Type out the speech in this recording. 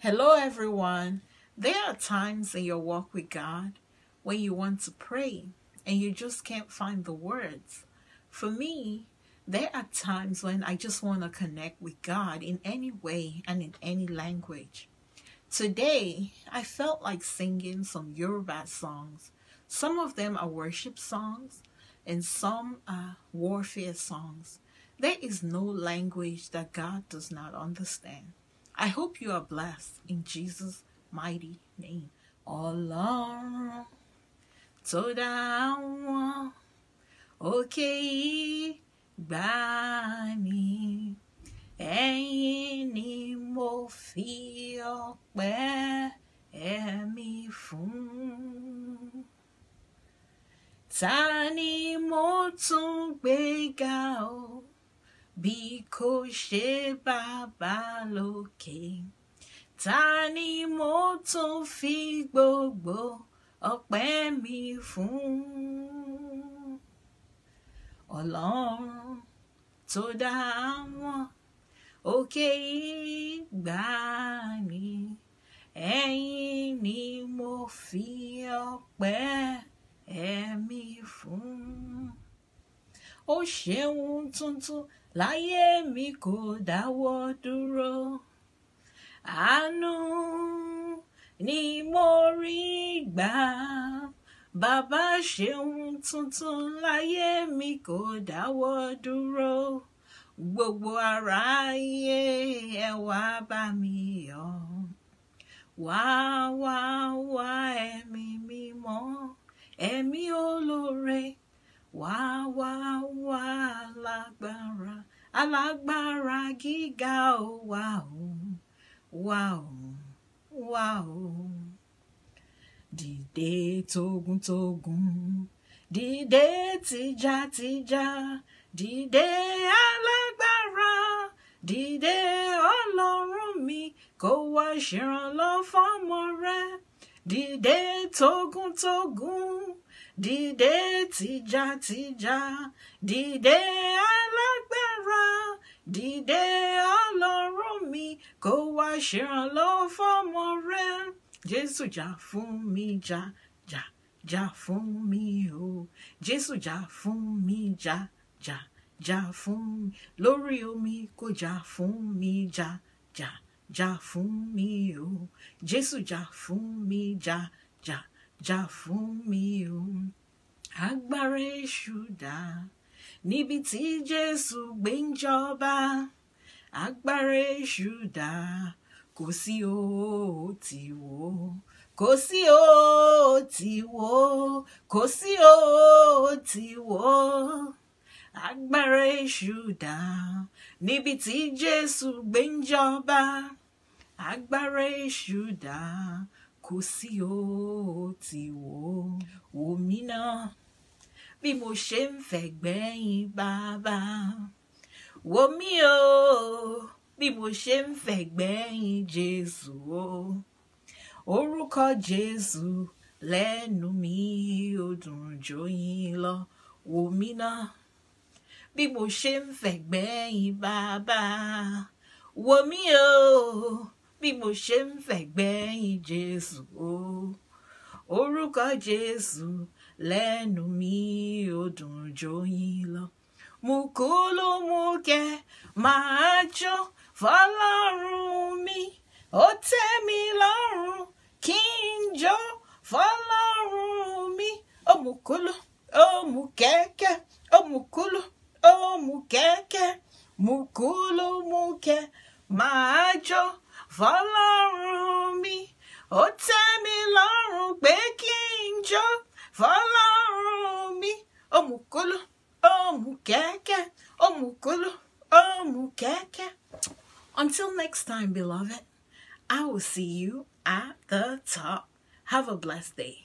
Hello, everyone. There are times in your walk with God when you want to pray and you just can't find the words. For me, there are times when I just want to connect with God in any way and in any language. Today, I felt like singing some Yoruba songs. Some of them are worship songs and some are warfare songs. There is no language that God does not understand. I hope you are blessed in Jesus' mighty name. Ọlọ́run tó dá wọn òkè yìí gbà mí ẹ̀yin ni mo fi ọpẹ́ ẹ̀mí fún. Ta ni mo tún gbé ga bí kò ṣe bàbá lókè ta ni mo tún fi gbogbo ọpẹ́ mi fún ọlọ́run tó dá wọn òkè ìgbàanì ẹ̀yin mo fi ọpẹ́ ẹ̀mí fún ó ṣeun tuntun láyé mi kò dáwọ́ dúró àánú ni mo rí gbà bàbá ṣeun tuntun láyé mi kò dáwọ́ dúró gbogbo aráyé ẹ wá bá mi yọ̀ wá wá wá ẹ̀mí mímọ́ ẹ̀mí olóore wá alágbára gíga o wà o wà o wà o dìde tógúntógún dìde tìjàtìjà dìde alágbára dìde ọlọ́run mi kó wá ṣèrànlọ́ fọ́mọ rẹ dìde tógúntógún dìde tìjàtìjà dìde alágbára dìde ọlọ́run mi kó wá ṣèrànlọ́wọ́ fọ́mọ rẹ jésù jà fún mi jà jà jà fún mi o jésù jà fún mi jà jà jà fún mi lórí omi kó jà fún mi jà jà jà fún mi o jésù jà fún mi jà jà jà fún mi o agbára èṣù dáa níbi tí jésù gbé ń jọba agbára èṣù dà kò sí oó tì wò kò sí oó tì wò kò sí oó tì wò agbára èṣù dà níbi tí jésù gbé ń jọba agbára èṣù dà kò sí oó tì wò wò mí náà bí mo ṣe ń fẹ̀gbẹ́yìn bàbá wò mí o bí mo ṣe ń fẹ̀gbẹ́yìn Jésù o orúkọ Jésù lẹ́nu mi ò dùn jóyin lọ wò mí náà bí mo ṣe ń fẹ̀gbẹ́yìn bàbá wò mí o bí mo ṣe ń fẹ̀gbẹ́yìn Jésù o orúkọ Jésù. lẹ́nu mi ò dùn jóyin lọ mo kó ló kẹ ma jó fọ́lọ́run mi ó tẹ́ mi lọ́rùn kí n mi ó mú kóló ó ke ke ó mú ó mú kẹ̀kẹ́ mú kóló mo kẹ ma jó fọ́lọ́run mi ó tẹ́ mi lọ́rùn pé kí jó. Fọlọ́run mi, òmùkóló, òmùkẹ́kẹ́, òmùkóló, òmùkẹ́kẹ́. Until next time, beloved, I will see you at the top. Have a blessed day.